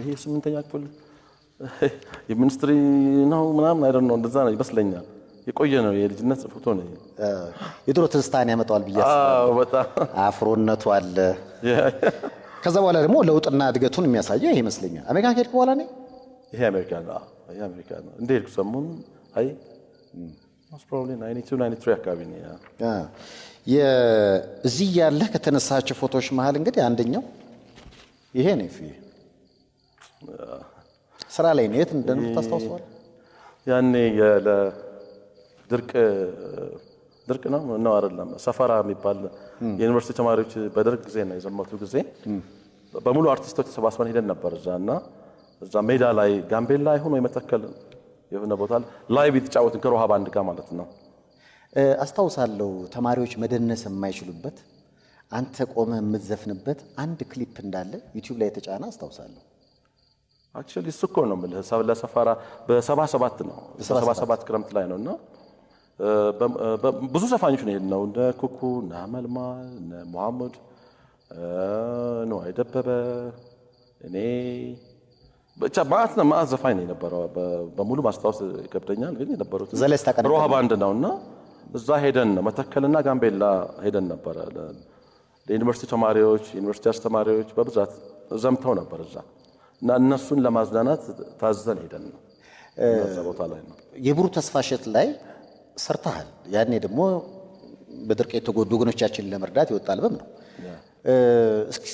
ይሄ ስምንተኛ ክፍል የሚኒስትሪ ነው ምናምን አይደል ነው እንደዛ ነው ይመስለኛል። የቆየ ነው የልጅነት ፎቶ ነው። የድሮ ትንስታን ያመጣዋል ብያስበጣ አፍሮነቱ አለ። ከዛ በኋላ ደግሞ ለውጥና እድገቱን የሚያሳየው ይሄ ይመስለኛል። አሜሪካ ከሄድክ በኋላ ነ ይሄ አሜሪካ ነው። ይሄ አሜሪካ ነው። እንደ ሄድኩ ሰሞኑን አይ አካባቢ እዚህ ያለህ ከተነሳቸው ፎቶዎች መሀል እንግዲህ አንደኛው ይሄ ነው። ስራ ላይ ነው። የት እንደነበር ታስታውሰዋል? ያኔ ድርቅ ድርቅ ነው ነው አይደለም፣ ሰፈራ የሚባል የዩኒቨርሲቲ ተማሪዎች በደርግ ጊዜ ነው የዘመቱ ጊዜ በሙሉ አርቲስቶች ተሰባስበን ሄደን ነበር እዛ እና እዛ ሜዳ ላይ ጋምቤላ ይሁን ወይ መተከል የሆነ ቦታ ላይ የተጫወትን ከሮሃ ባንድ ጋር ማለት ነው። አስታውሳለሁ ተማሪዎች መደነስ የማይችሉበት አንተ ቆመ የምትዘፍንበት አንድ ክሊፕ እንዳለ ዩቲብ ላይ የተጫነ አስታውሳለሁ። አክቹሊ እሱ እኮ ነው የምልህ ለሰፈራ በሰባ ሰባት ነው በሰባ ሰባት ክረምት ላይ ነው እና ብዙ ዘፋኞች ነው የሄድነው እነ ኩኩ እነ አመልማል እነ መሐሙድ ነው አይደበበ እኔ ብቻ መዓት ነው መዓት ዘፋኝ ነው የነበረው በሙሉ ማስታወስ ይከብደኛል ግን የነበሩት ሮሃ ባንድ ነው እና እዛ ሄደን ነው መተከልና ጋምቤላ ሄደን ነበረ ለዩኒቨርሲቲ ተማሪዎች ዩኒቨርሲቲ አስተማሪዎች በብዛት ዘምተው ነበር እዛ እና እነሱን ለማዝናናት ታዘን ሄደን ነው ቦታ ላይ ነው። የብሩህ ተስፋ እሸት ላይ ሰርተሃል። ያኔ ደግሞ በድርቅ የተጎዱ ወገኖቻችን ለመርዳት የወጣ አልበም ነው። እስኪ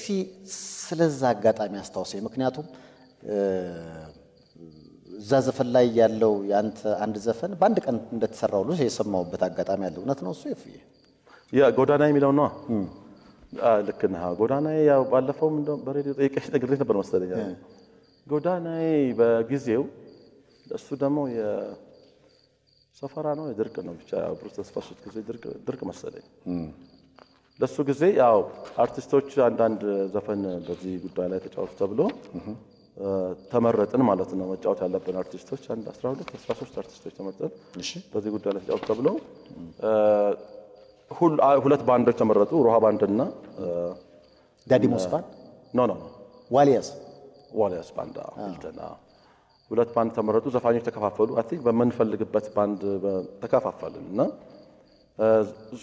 ስለዛ አጋጣሚ አስታውሰኝ። ምክንያቱም እዛ ዘፈን ላይ ያለው የአንተ አንድ ዘፈን በአንድ ቀን እንደተሰራው ሁሉ የሰማሁበት አጋጣሚ ያለ እውነት ነው። እሱ የፍዬ ጎዳና የሚለው ነ ልክ ነህ። ጎዳና ያው ባለፈውም በሬዲዮ ጠይቀሽ ነግሬሽ ነበር መሰለኝ ጎዳናዬ በጊዜው እሱ ደግሞ የሰፈራ ነው የድርቅ ነው ብቻ ብሩ ተስፋሱት ጊዜ ድርቅ መሰለኝ። ለሱ ጊዜ ያው አርቲስቶች አንዳንድ ዘፈን በዚህ ጉዳይ ላይ ተጫወቱ ተብሎ ተመረጥን ማለት ነው። መጫወት ያለብን አርቲስቶች አንድ 12 13 አርቲስቶች ተመርጠን በዚህ ጉዳይ ላይ ተጫወቱ ተብሎ ሁለት ባንዶች ተመረጡ። ሮሃ ባንድና ዳዲ ሞስፋን ኖ ኖ ዋሊያስ ዋልያስ ባንድ ሂልተን። ሁለት ባንድ ተመረጡ፣ ዘፋኞች ተከፋፈሉ። አይ ቲንክ በምንፈልግበት ባንድ ተከፋፈልን እና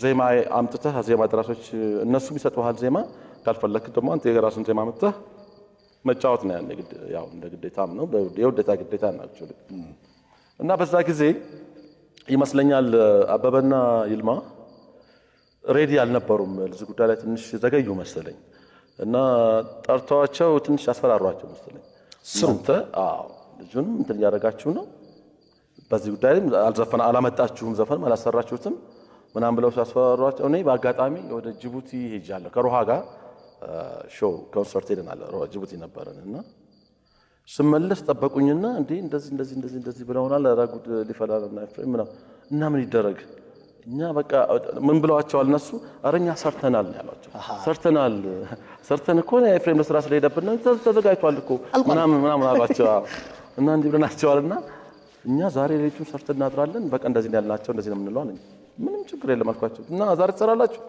ዜማ አምጥተህ ዜማ ደራሶች እነሱም ይሰጡሃል ዜማ። ካልፈለክ ደግሞ አንተ የራስን ዜማ አምጥተህ መጫወት ነው። ያን ያው እንደ ግዴታም ነው የውዴታ ግዴታ ናቸው። እና በዛ ጊዜ ይመስለኛል አበበና ይልማ ሬዲ አልነበሩም። እዚህ ጉዳይ ላይ ትንሽ ዘገዩ መሰለኝ። እና ጠርተዋቸው ትንሽ አስፈራሯቸው መሰለኝ። ስሩተ ልጁንም እንትን እያደረጋችሁ ነው፣ በዚህ ጉዳይ ላይ አልዘፈን አላመጣችሁም፣ ዘፈን አላሰራችሁትም ምናም ብለው ሲያስፈራሯቸው፣ እኔ በአጋጣሚ ወደ ጅቡቲ ሄጃለሁ ከሮሃ ጋር ሾው ኮንሰርት ሄደናል። ጅቡቲ ነበረን እና ስመለስ ጠበቁኝና እንዲህ እንደዚህ እንደዚህ እንደዚህ ብለውናል፣ ረጉድ ሊፈላ ምናምን ይደረግ እኛ በቃ ምን ብለዋቸዋል እነሱ? አረኛ እኛ ሰርተናል ያሏቸው። ሰርተናል ሰርተን እኮ ኤፍሬም ለስራ ስለሄደብን ተዘጋጅቷል እኮ ምናምን ምናምን አሏቸው። እና እንዲህ ብለናቸዋል እና እኛ ዛሬ ሌሊቱን ሰርተን እናድራለን። በቃ እንደዚህ ነው ያልናቸው፣ እንደዚህ ነው የምንለው አለኝ። ምንም ችግር የለም አልኳቸው። እና ዛሬ ትሰራላችሁ?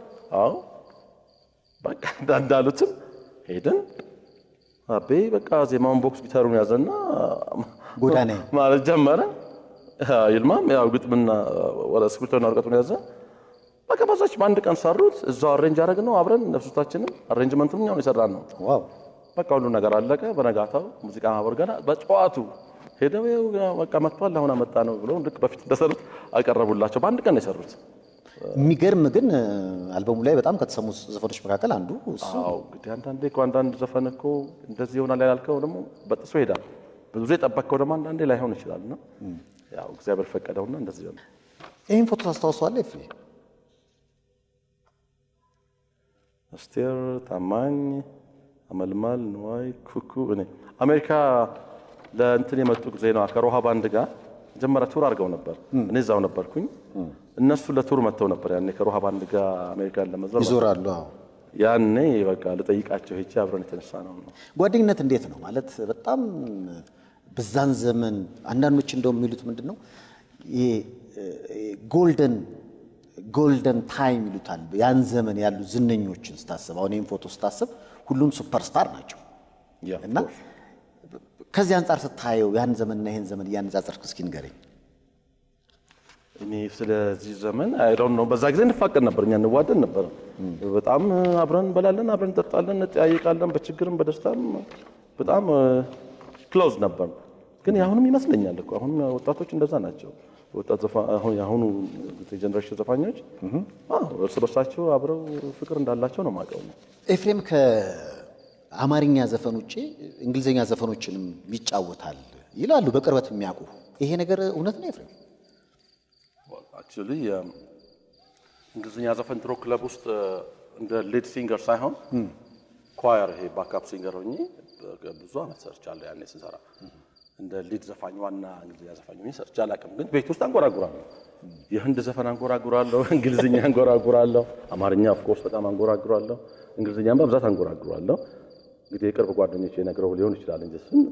አዎ በቃ እንዳሉትም ሄደን አቤ በቃ ዜማውን ቦክስ ጊታሩን ያዘና ጎዳና ማለት ጀመረ። ይልማም ያው ግጥምና ወደ እስክሪብቶና ነው ያዘ። በቃ በዛች በአንድ ቀን ሰሩት። እዛው አሬንጅ ነው አብረን ነፍሶታችንም አሬንጅመንቱም እኛው የሰራን ነው። ዋው በቃ ሁሉ ነገር አለቀ። በነጋታው ሙዚቃ ማህበር ገና በጠዋቱ ሄደው ይኸው በቃ መጥቷል አሁን አመጣ ነው ብለው ልክ በፊት እንደሰሩት አቀረቡላቸው። በአንድ ቀን ነው የሰሩት። የሚገርም ግን አልበሙ ላይ በጣም ከተሰሙ ዘፈኖች መካከል አንዱ እሱ። አዎ እንግዲህ አንዳንዴ እኮ አንዳንድ ዘፈን እኮ እንደዚህ ይሆናል ያላልከው ደግሞ በጥሶ ይሄዳል። ብዙ ጊዜ ጠበቅከው ደግሞ አንዳንዴ ላይሆን ይችላል ነው ያው እግዚአብሔር ፈቀደውና እንደዚህ ሆነ። ይህን ፎቶ ታስታውሰዋለህ? ፍሬ አስቴር ታማኝ፣ አመልማል ንዋይ፣ ኩኩ እኔ አሜሪካ ለእንትን የመጡ ጊዜ ነው ከሮሃ ባንድ ጋር መጀመሪያ ቱር አድርገው ነበር። እኔ እዛው ነበርኩኝ። እነሱ ለቱር መጥተው ነበር ያኔ ከሮሃ ባንድ ጋር አሜሪካን ለመዘር ይዞራሉ። ያኔ በቃ ልጠይቃቸው ሄቼ አብረን የተነሳ ነው። ጓደኝነት እንዴት ነው ማለት በጣም በዛን ዘመን አንዳንዶች እንደው የሚሉት ምንድን ነው ጎልደን ጎልደን ታይም ይሉታል። ያን ዘመን ያሉ ዝነኞችን ስታስብ፣ አሁን ይህም ፎቶ ስታስብ ሁሉም ሱፐርስታር ናቸው እና ከዚህ አንጻር ስታየው ያን ዘመንና ይህን ዘመን እያነጻጸርክ እስኪ ንገረኝ። እኔ ስለዚህ ዘመን አይሮን ነው። በዛ ጊዜ እንፋቀድ ነበር፣ እኛ እንዋደን ነበር። በጣም አብረን እንበላለን፣ አብረን እንጠጣለን፣ እንጠያየቃለን። በችግርም በደስታም በጣም ክሎዝ ነበር። ግን አሁንም ይመስለኛል እኮ አሁንም ወጣቶች እንደዛ ናቸው። ወጣት የአሁኑ ጀነሬሽን ዘፋኞች እርስ በርሳቸው አብረው ፍቅር እንዳላቸው ነው የማውቀው። ኤፍሬም ከአማርኛ ዘፈን ውጭ እንግሊዝኛ ዘፈኖችንም ይጫወታል ይላሉ በቅርበት የሚያውቁ። ይሄ ነገር እውነት ነው ኤፍሬም? አክቹዋሊ um, እንግሊዝኛ ዘፈን ድሮ ክለብ ውስጥ uh, እንደ ሊድ ሲንገር ሳይሆን ኳየር፣ ይሄ ባካፕ ሲንገር ሆኜ ብዙ አመት ሰርቻለሁ ያኔ ስንሰራ እንደ ሊድ ዘፋኝ ዋና እንግሊዝኛ ዘፋኝ ሆኜ ሰርቼ አላውቅም። ግን ቤት ውስጥ አንጎራጉራለሁ። የህንድ ዘፈን አንጎራጉራለሁ፣ እንግሊዝኛ አንጎራጉራለሁ፣ አማርኛ ኦፍኮርስ በጣም አንጎራጉራለሁ፣ እንግሊዝኛም በብዛት አንጎራጉራለሁ። እንግዲህ የቅርብ ጓደኞች ነግረው ሊሆን ይችላል እንጂ እሱን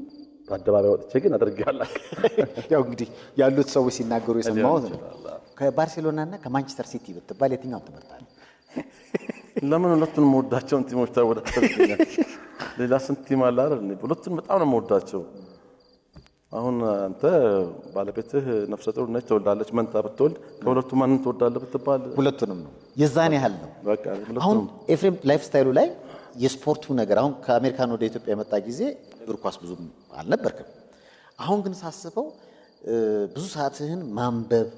በአደባባይ ወጥቼ ግን አድርጌያለሁ። ያው እንግዲህ ያሉት ሰዎች ሲናገሩ የሰማሁት ነው። ከባርሴሎና እና ከማንቸስተር ሲቲ ብትባል የትኛውን ትመርጣለህ? ለምን ሁለቱን የምወዳቸውን ቲሞች ታወዳ ሌላ ስንት ቲም አለ አይደል? ሁለቱን በጣም ነው የምወዳቸው አሁን አንተ ባለቤትህ ነፍሰ ጡር ነች፣ ትወልዳለች። መንታ ብትወልድ ከሁለቱ ማንን ትወዳለህ ብትባል ሁለቱንም ነው። የዛን ያህል ነው። አሁን ኤፍሬም ላይፍ ስታይሉ ላይ የስፖርቱ ነገር አሁን ከአሜሪካን ወደ ኢትዮጵያ የመጣ ጊዜ እግር ኳስ ብዙም አልነበርክም። አሁን ግን ሳስበው ብዙ ሰዓትህን ማንበብ፣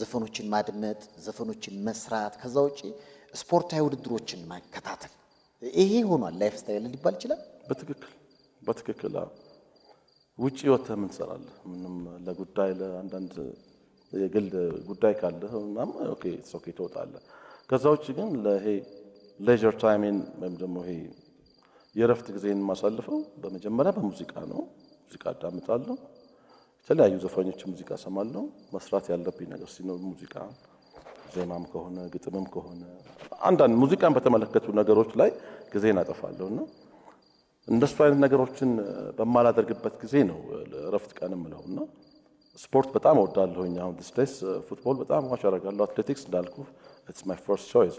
ዘፈኖችን ማድመጥ፣ ዘፈኖችን መስራት፣ ከዛ ውጭ ስፖርታዊ ውድድሮችን ማከታተል ይሄ ሆኗል ላይፍ ስታይል ሊባል ይችላል። በትክክል በትክክል ውጭ ወተ ምን ትሰራለህ? ምንም ለጉዳይ ለአንዳንድ የግል ጉዳይ ካለህ ምናምን ኦኬ ኢትስ ኦኬ ትወጣለህ። ከዛ ውጭ ግን ለይሄ ሌዥር ታይሜን ወይም ደግሞ ይሄ የእረፍት ጊዜን የማሳልፈው በመጀመሪያ በሙዚቃ ነው። ሙዚቃ አዳምጣለሁ፣ የተለያዩ ዘፋኞች ሙዚቃ ሰማለሁ። መስራት ያለብኝ ነገር ሲኖር ሙዚቃ ዜማም ከሆነ ግጥምም ከሆነ አንዳንድ ሙዚቃን በተመለከቱ ነገሮች ላይ ጊዜን አጠፋለሁ እና እንደሱ አይነት ነገሮችን በማላደርግበት ጊዜ ነው እረፍት ቀን የምለው እና ስፖርት በጣም እወዳለሁኝ። አሁን ዲስፕሌስ ፉትቦል በጣም ዋች አደርጋለሁ። አትሌቲክስ እንዳልኩ ኢትስ ማይ ፈርስት ቾይስ።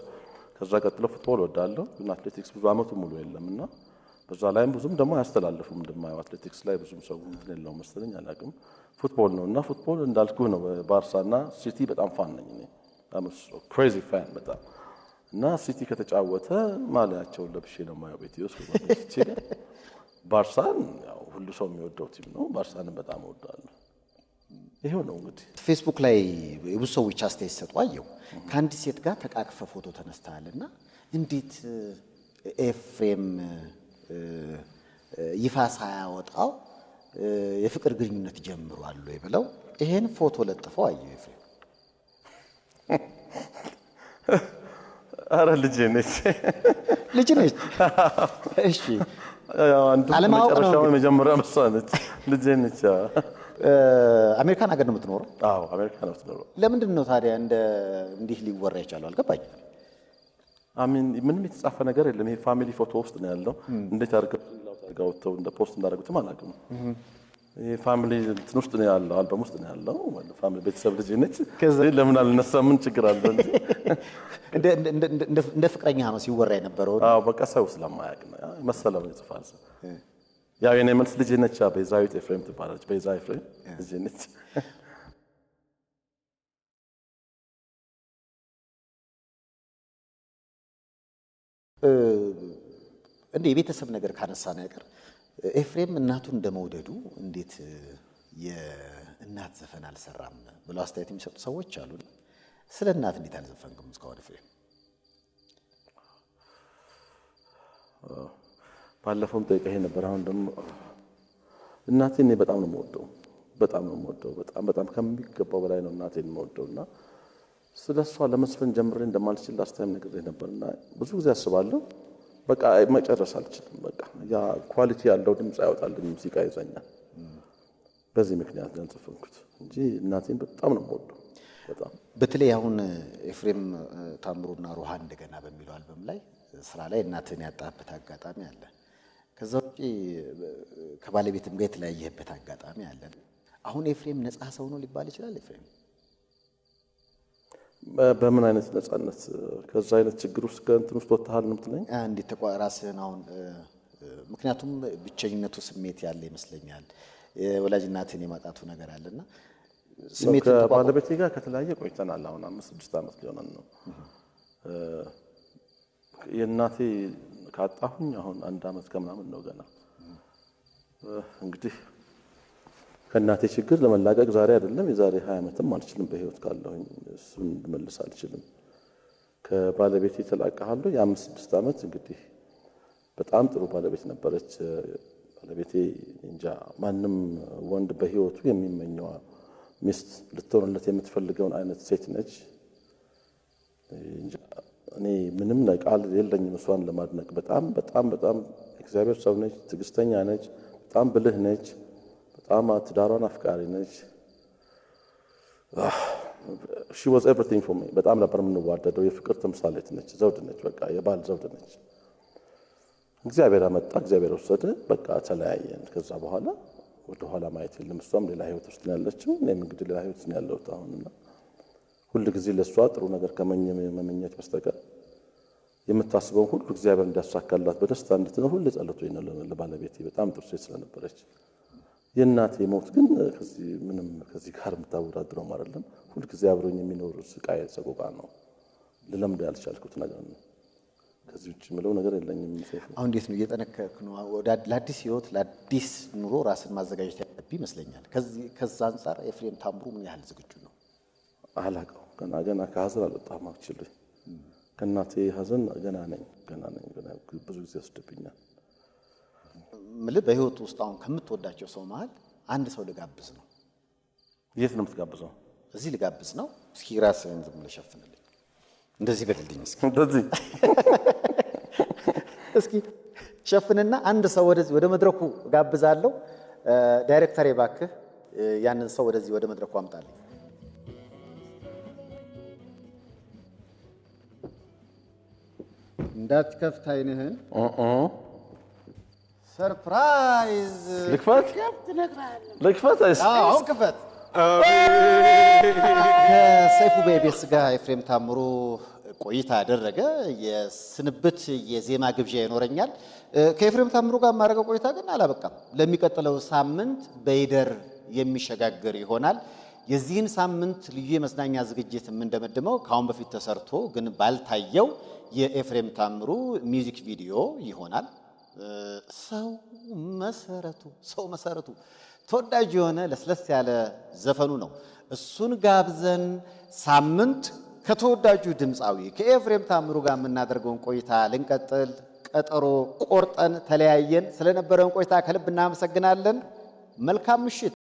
ከዛ ቀጥሎ ፉትቦል እወዳለሁ፣ ግን አትሌቲክስ ብዙ አመቱ ሙሉ የለም እና በዛ ላይም ብዙም ደግሞ አያስተላልፉም። እንደማየው አትሌቲክስ ላይ ብዙም ሰው እንትን የለው መሰለኝ አላውቅም። ፉትቦል ነው እና ፉትቦል እንዳልኩ ነው። ባርሳ እና ሲቲ በጣም ፋን ነኝ እኔ። ክሬዚ ፋን በጣም እና ሲቲ ከተጫወተ ማሊያቸውን ለብሼ ነው ማየው ቤት ውስጥ ጓደኞቼ ባርሳን ያው ሁሉ ሰው የሚወደው ቲም ነው። ባርሳንን በጣም እወዳለሁ። ይሄው ነው እንግዲህ። ፌስቡክ ላይ የብዙ ሰዎች አስተያየት ሰጡ። አየው ከአንድ ሴት ጋር ተቃቅፈ ፎቶ ተነስተሃል እና እንዴት ኤፍሬም ይፋ ሳያወጣው የፍቅር ግንኙነት ጀምሯል ወይ ብለው ይሄን ፎቶ ለጥፈው አየው ኤፍሬም አረ ልጅ ነች ልጅ ነች። እሺ አለማወቅ ነው መሷ ነች ልጅ ነች። አሜሪካን ሀገር ነው የምትኖረው? አዎ አሜሪካን ነው የምትኖረው። ለምንድን ነው ታዲያ እንደ እንዲህ ሊወራ የቻለው አልገባኝ። አሚን ምንም የተጻፈ ነገር የለም። ይሄ ፋሚሊ ፎቶ ውስጥ ነው ያለው። እንዴት አርገ ጋውተው እንደ ፖስት እንዳደረጉትም አላቅም ፋሚሊ እንትን ውስጥ ነው ያለው፣ አልበም ውስጥ ነው ያለው። ፋሚሊ ቤተሰብ ልጅ ነች። ለምን አልነሳ? ምን ችግር አለ? እንደ ፍቅረኛ ነው ሲወራ የነበረው። አዎ በቃ ሰው ስለማያውቅ ነው መሰለ መሰለው ይጽፋል። ያው የኔ መልስ ልጅ ነች፣ ቤዛዊት ኤፍሬም ትባላለች። ቤዛ ኤፍሬም ልጅ ነች። እንደ የቤተሰብ ነገር ካነሳ ነገር ኤፍሬም እናቱን እንደመውደዱ እንዴት የእናት ዘፈን አልሰራም ብለው አስተያየት የሚሰጡ ሰዎች አሉ። ስለ እናት እንዴት አልዘፈንክም እስካሁን ኤፍሬም? ባለፈውም ጠይቀህ ነበር። አሁን ደግሞ እናቴ እኔ በጣም ነው የምወደው በጣም ነው የምወደው በጣም በጣም ከሚገባው በላይ ነው እናቴን የምወደው እና ስለ እሷ ለመስፈን ጀምሬ እንደማልችል ላስታይም ነግሬህ ነበርና ብዙ ጊዜ አስባለሁ በቃ መጨረስ አልችልም። በቃ ያ ኳሊቲ ያለው ድምፅ አይወጣልኝ ሙዚቃ ይዘኛል። በዚህ ምክንያት ነው ያልዘፈንኩት እንጂ እናቴን በጣም ነው የምወደው። በጣም በተለይ አሁን ኤፍሬም ታምሩና ሩሃ እንደገና በሚለው አልበም ላይ ስራ ላይ እናትን ያጣበት አጋጣሚ አለ። ከዛ ውጪ ከባለቤትም ጋር የተለያየህበት አጋጣሚ አለ። አሁን ኤፍሬም ነፃ ሰው ነው ሊባል ይችላል ኤፍሬም በምን አይነት ነፃነት ከዛ አይነት ችግር ውስጥ ከእንትን ውስጥ ወጥተሃል ነው ምትለኝ? እንዴት ተቋ ራስህን አሁን ምክንያቱም ብቸኝነቱ ስሜት ያለ ይመስለኛል። ወላጅናትን የማጣቱ ነገር አለና ስሜት ባለቤቴ ጋር ከተለያየ ቆይተናል። አሁን አምስት ስድስት ዓመት ሊሆነን ነው። የእናቴ ካጣሁኝ አሁን አንድ ዓመት ከምናምን ነው ገና እንግዲህ ከእናቴ ችግር ለመላቀቅ ዛሬ አይደለም የዛሬ ሀያ ዓመትም አልችልም። በህይወት ካለሁኝ እሱን ልመልስ አልችልም። ከባለቤት ተላቀሃለሁ። የአምስት ስድስት ዓመት እንግዲህ በጣም ጥሩ ባለቤት ነበረች። ባለቤቴ እንጃ ማንም ወንድ በህይወቱ የሚመኘዋ ሚስት ልትሆንለት የምትፈልገውን አይነት ሴት ነች። እኔ ምንም ቃል የለኝም እሷን ለማድነቅ። በጣም በጣም በጣም እግዚአብሔር ሰው ነች፣ ትዕግስተኛ ነች፣ በጣም ብልህ ነች። Amma ትዳሯን አፍቃሪ ነች። ሺ ዋዝ ኤቭሪቲንግ ፎር ሚ። በጣም ነበር የምንዋደደው። የፍቅር ተምሳሌት ነች፣ ዘውድ ነች፣ በቃ የባል ዘውድ ነች። እግዚአብሔር አመጣ፣ እግዚአብሔር ወሰደ፣ በቃ ተለያየን። ከዛ በኋላ ወደኋላ ማየት የለም። እሷም ሌላ ህይወት ውስጥ ነው ያለችው፣ እኔም እንግዲህ ሌላ ህይወት ነው ያለሁት አሁንና ሁል ጊዜ ለእሷ ጥሩ ነገር ከመመኘት በስተቀር የምታስበውን ሁሉ እግዚአብሔር እንዲያሳካላት በደስታ እንድትኖር ሁሌ ጸሎት ነው ለባለቤቴ። በጣም ጥሩ ሴት ስለነበረች የእናቴ ሞት ግን ከዚህ ምንም ከዚህ ጋር የምታወዳድረው አይደለም። ሁልጊዜ አብሮኝ የሚኖር ስቃይ ሰቆቃ ነው። ልለምዶ ያልቻልኩት ነገር ነው። ከዚህ ውጭ የምለው ነገር የለኝም። አሁን እንዴት ነው እየጠነከርክ ነው? ለአዲስ ህይወት ለአዲስ ኑሮ ራስን ማዘጋጀት ያለብህ ይመስለኛል። ከዛ አንጻር ኤፍሬም ታምሩ ምን ያህል ዝግጁ ነው አላቀው ገና ገና ከሀዘን አልወጣም። አችልኝ ከእናቴ ሀዘን ገና ነኝ ገና ነኝ። ብዙ ጊዜ ወስድብኛል። ምልህ በህይወት ውስጥ አሁን ከምትወዳቸው ሰው መሀል አንድ ሰው ልጋብዝ ነው። የት ነው የምትጋብዘው? እዚህ ልጋብዝ ነው። እስኪ ራስህን ዝም ብለህ ሸፍንልኝ። እንደዚህ በልልኝ እስኪ እንደዚህ እስኪ ሸፍንና አንድ ሰው ወደዚህ ወደ መድረኩ ጋብዛለሁ። ዳይሬክተር እባክህ ያንን ሰው ወደዚህ ወደ መድረኩ አምጣልኝ። እንዳትከፍት አይንህን ሰርፕራይዝ ልክፈት ልክፈት አሁን ክፈት። ከሰይፉ ቤቤስ ጋር ኤፍሬም ታምሩ ቆይታ ያደረገ የስንብት የዜማ ግብዣ ይኖረኛል። ከኤፍሬም ታምሩ ጋር የማደርገው ቆይታ ግን አላበቃም። ለሚቀጥለው ሳምንት በይደር የሚሸጋገር ይሆናል። የዚህን ሳምንት ልዩ የመዝናኛ ዝግጅት የምንደመድመው ከአሁን በፊት ተሰርቶ ግን ባልታየው የኤፍሬም ታምሩ ሚውዚክ ቪዲዮ ይሆናል። ሰው መሰረቱ ሰው መሰረቱ ተወዳጅ የሆነ ለስለስ ያለ ዘፈኑ ነው። እሱን ጋብዘን ሳምንት ከተወዳጁ ድምፃዊ ከኤፍሬም ታምሩ ጋር የምናደርገውን ቆይታ ልንቀጥል ቀጠሮ ቆርጠን ተለያየን። ስለነበረን ቆይታ ከልብ እናመሰግናለን። መልካም ምሽት።